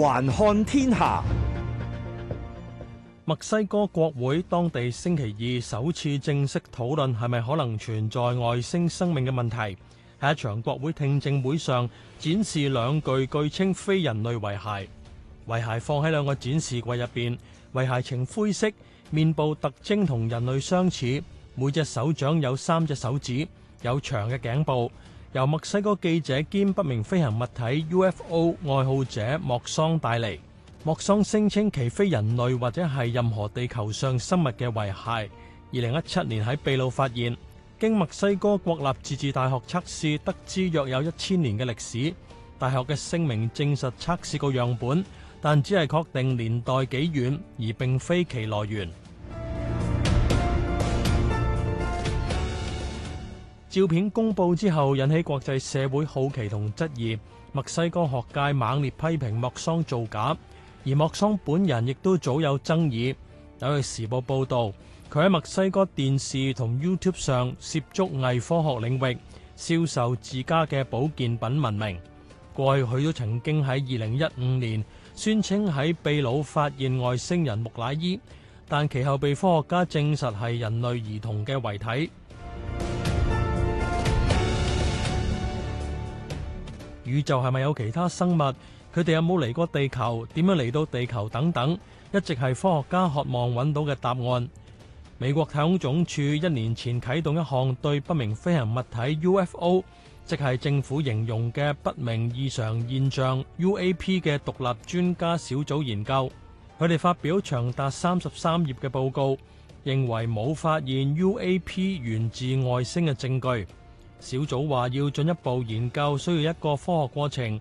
環看天下，墨西哥國會當地星期二首次正式討論係咪可能存在外星生命嘅問題。喺一場國會聽證會上，展示兩具據稱非人類遺骸，遺骸放喺兩個展示櫃入邊，遺骸呈灰色，面部特徵同人類相似，每隻手掌有三隻手指，有長嘅頸部。由墨西哥記者兼不明飛行物體 UFO 愛好者莫桑帶嚟，莫桑聲稱其非人類或者係任何地球上生物嘅遺骸。二零一七年喺秘魯發現，經墨西哥國立自治大學測試得知約有一千年嘅歷史。大學嘅聲明證實測試過樣本，但只係確定年代幾遠，而並非其來源。照片公布之後，引起國際社會好奇同質疑。墨西哥學界猛烈批評莫桑造假，而莫桑本人亦都早有爭議。紐約時報報道，佢喺墨西哥電視同 YouTube 上涉足偽科學領域，銷售自家嘅保健品聞名。過去佢都曾經喺二零一五年宣稱喺秘魯發現外星人木乃伊，但其後被科學家證實係人類兒童嘅遺體。宇宙係咪有其他生物？佢哋有冇嚟過地球？點樣嚟到地球？等等，一直係科學家渴望搵到嘅答案。美國太空總署一年前啟動一項對不明飛行物體 UFO，即係政府形容嘅不明異常現象 UAP 嘅獨立專家小組研究，佢哋發表長達三十三頁嘅報告，認為冇發現 UAP 源自外星嘅證據。小組話要進一步研究，需要一個科學過程。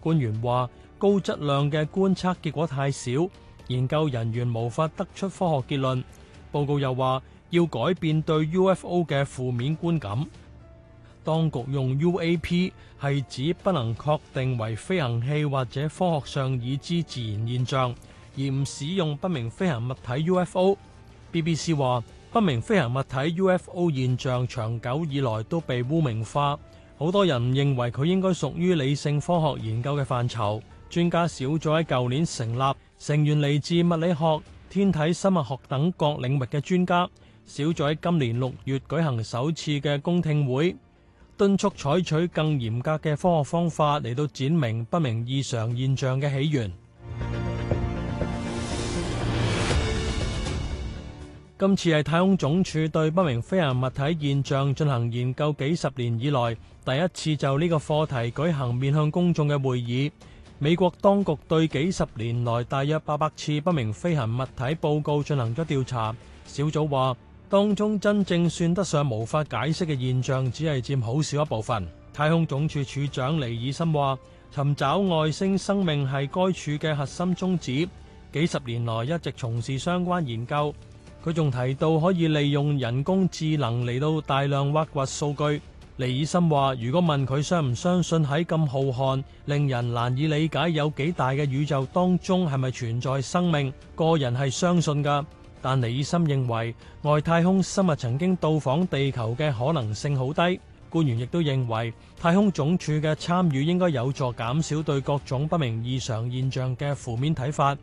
官員話高質量嘅觀測結果太少，研究人員無法得出科學結論。報告又話要改變對 UFO 嘅負面觀感。當局用 UAP 係指不能確定為飛行器或者科學上已知自然現象，而唔使用不明飛行物體 UFO。BBC 話。不明飛行物體 UFO 現象長久以來都被污名化，好多人認為佢應該屬於理性科學研究嘅範疇。專家小組喺舊年成立，成員嚟自物理學、天體生物學等各領域嘅專家。小組喺今年六月舉行首次嘅公聽會，敦促採取更嚴格嘅科學方法嚟到展明不明異常現象嘅起源。今次係太空總署對不明飛行物體現象進行研究幾十年以來第一次就呢個課題舉行面向公眾嘅會議。美國當局對幾十年來大約八百次不明飛行物體報告進行咗調查，小組話當中真正算得上無法解釋嘅現象，只係佔好少一部分。太空總署署長尼爾森話，尋找外星生命係該處嘅核心宗旨，幾十年來一直從事相關研究。佢仲提到可以利用人工智能嚟到大量挖掘數據。尼爾森話：如果問佢相唔相信喺咁浩瀚、令人難以理解有幾大嘅宇宙當中，係咪存在生命？個人係相信噶。但尼爾森認為外太空生物曾經到訪地球嘅可能性好低。官員亦都認為太空總署嘅參與應該有助減少對各種不明異常現象嘅負面睇法。